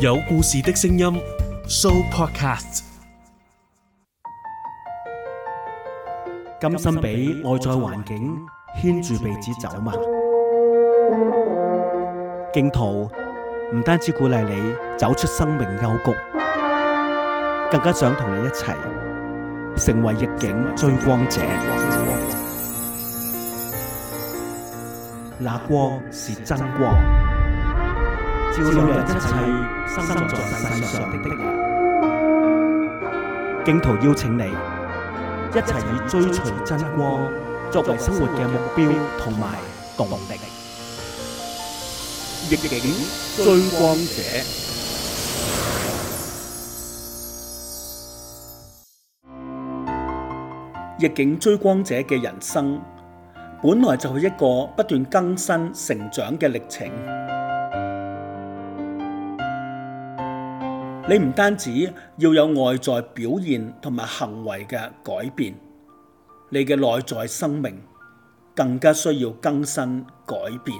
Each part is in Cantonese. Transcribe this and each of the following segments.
有故事的聲音，Sooopodcast。甘心俾外在環境牽住鼻子走嘛？荊徒唔單止鼓勵你走出生命幽谷，更加想同你一齊成為逆境追光者。那光是真光。照亮一切生在世上的的人，荊徒邀請你一齊以追隨真光作為生活嘅目標同埋動力。逆境追光者，逆境追光者嘅人生本來就係一個不斷更新成長嘅歷程。你唔單止要有外在表現同埋行為嘅改變，你嘅內在生命更加需要更新改變。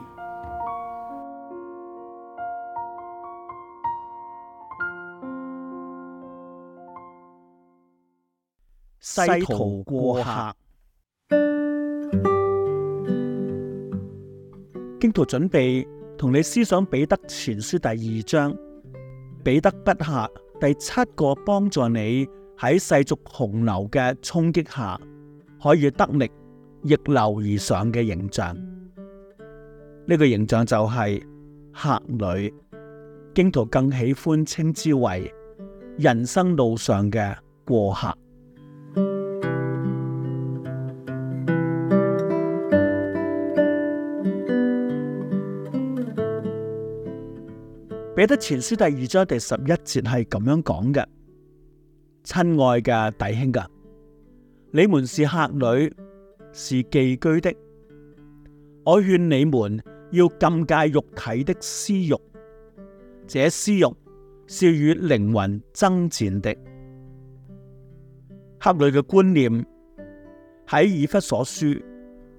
世途過客，荊徒準備同你思想彼得前書第二章。彼得筆下第七個幫助你喺世俗洪流嘅衝擊下，可以得力逆流而上嘅形象。呢、這個形象就係客旅，基督徒更喜歡稱之為人生路上嘅過客。彼得前書第二章第十一節係咁樣講嘅：親愛嘅弟兄噶，你們是客旅，是寄居的。我勸你們要禁戒肉體的私慾，這私慾是與靈魂爭戰的。客旅嘅觀念喺以弗所書、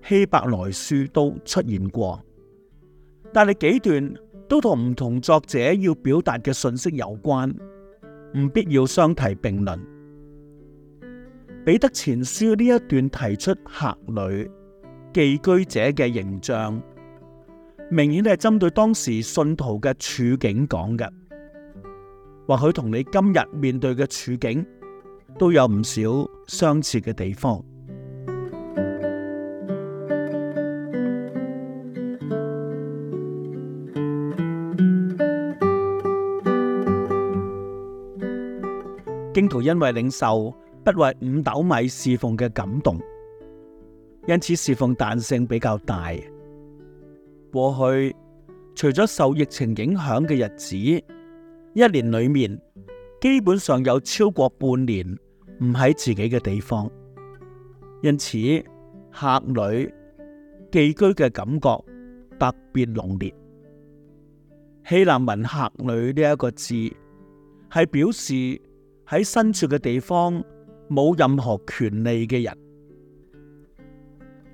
希伯來書都出現過，但係幾段都同唔同作者要表達嘅信息有關，唔必要相提並論。彼得前書呢一段提出客旅寄居者嘅形象，明顯係針對當時信徒嘅處境講嘅，或許同你今日面對嘅處境都有唔少相似嘅地方。荊徒因為領袖不為五斗米侍奉嘅感動，因此侍奉彈性比較大。過去除咗受疫情影響嘅日子，一年裏面基本上有超過半年唔喺自己嘅地方，因此客旅寄居嘅感覺特別濃烈。希臘文客旅呢一個字係表示。喺身處嘅地方冇任何權利嘅人，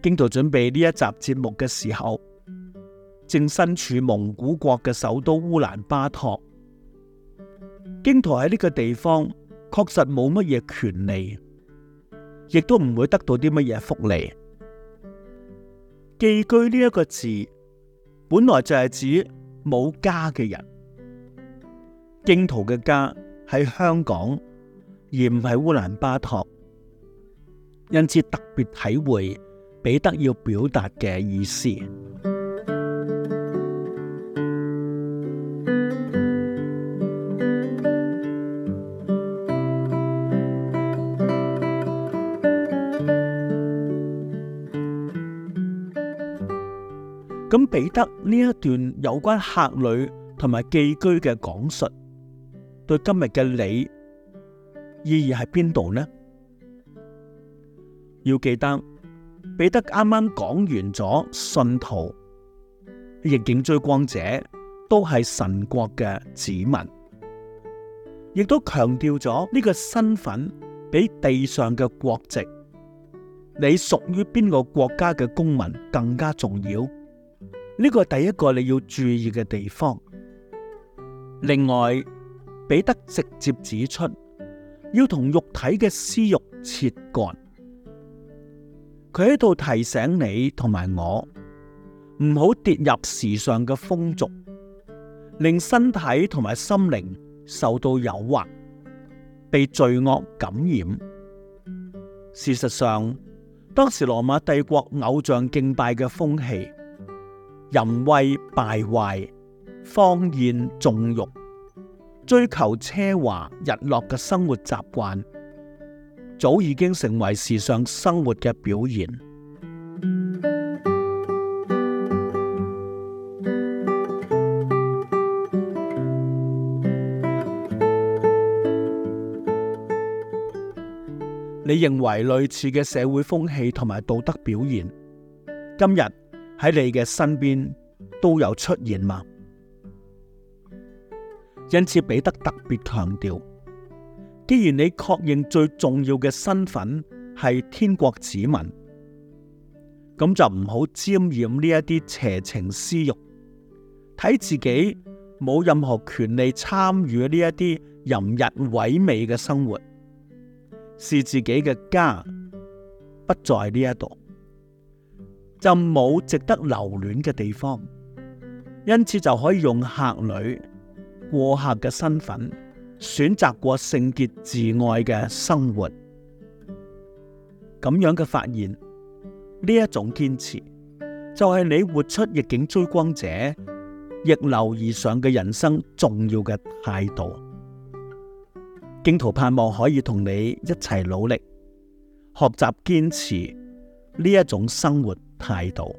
荊徒準備呢一集節目嘅時候，正身處蒙古國嘅首都烏蘭巴托。荊徒喺呢個地方確實冇乜嘢權利，亦都唔會得到啲乜嘢福利。寄居呢一個字，本來就係指冇家嘅人，荊徒嘅家。喺香港，而唔係烏蘭巴托，因此特別體會彼得要表達嘅意思。咁彼得呢一段有關客旅同埋寄居嘅講述。對今日嘅你意義喺邊度呢？要記得彼得啱啱講完咗，信徒逆境追光者都係神國嘅子民，亦都強調咗呢個身份比地上嘅國籍，你屬於邊個國家嘅公民更加重要。呢個係第一個你要注意嘅地方。另外。彼得直接指出，要同肉體嘅私慾切割。佢喺度提醒你同埋我，唔好跌入時尚嘅風俗，令身體同埋心靈受到誘惑，被罪惡感染。事實上，當時羅馬帝國偶像敬拜嘅風氣，淫穢敗壞，放焰縱欲。追求奢華日落嘅生活習慣，早已經成為時尚生活嘅表現。 你認為類似嘅社會風氣同埋道德表現，今日喺你嘅身邊都有出現嗎？因此，彼得特別強調，既然你確認最重要嘅身份係天國子民，咁就唔好沾染呢一啲邪情私慾，睇自己冇任何權利參與呢一啲淫逸萎靡嘅生活。視自己嘅家不在呢一度，就冇值得留戀嘅地方，因此就可以用客旅、過客嘅身份，選擇過聖潔自愛嘅生活，咁樣嘅發現，呢一種堅持，就係、是、你活出逆境追光者，逆流而上嘅人生重要嘅態度。荊徒盼望可以同你一齊努力，學習堅持呢一種生活態度。